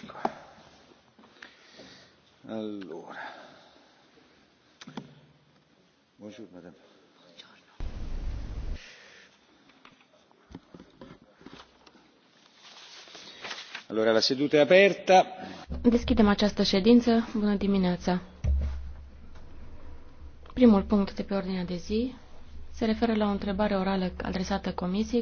25. Allora. Buongiorno, madame. Buongiorno. Allora, la seduta è aperta. Deschidem această ședință. Bună dimineața. Primul punct de pe ordinea de zi se referă la o întrebare orală adresată Comisiei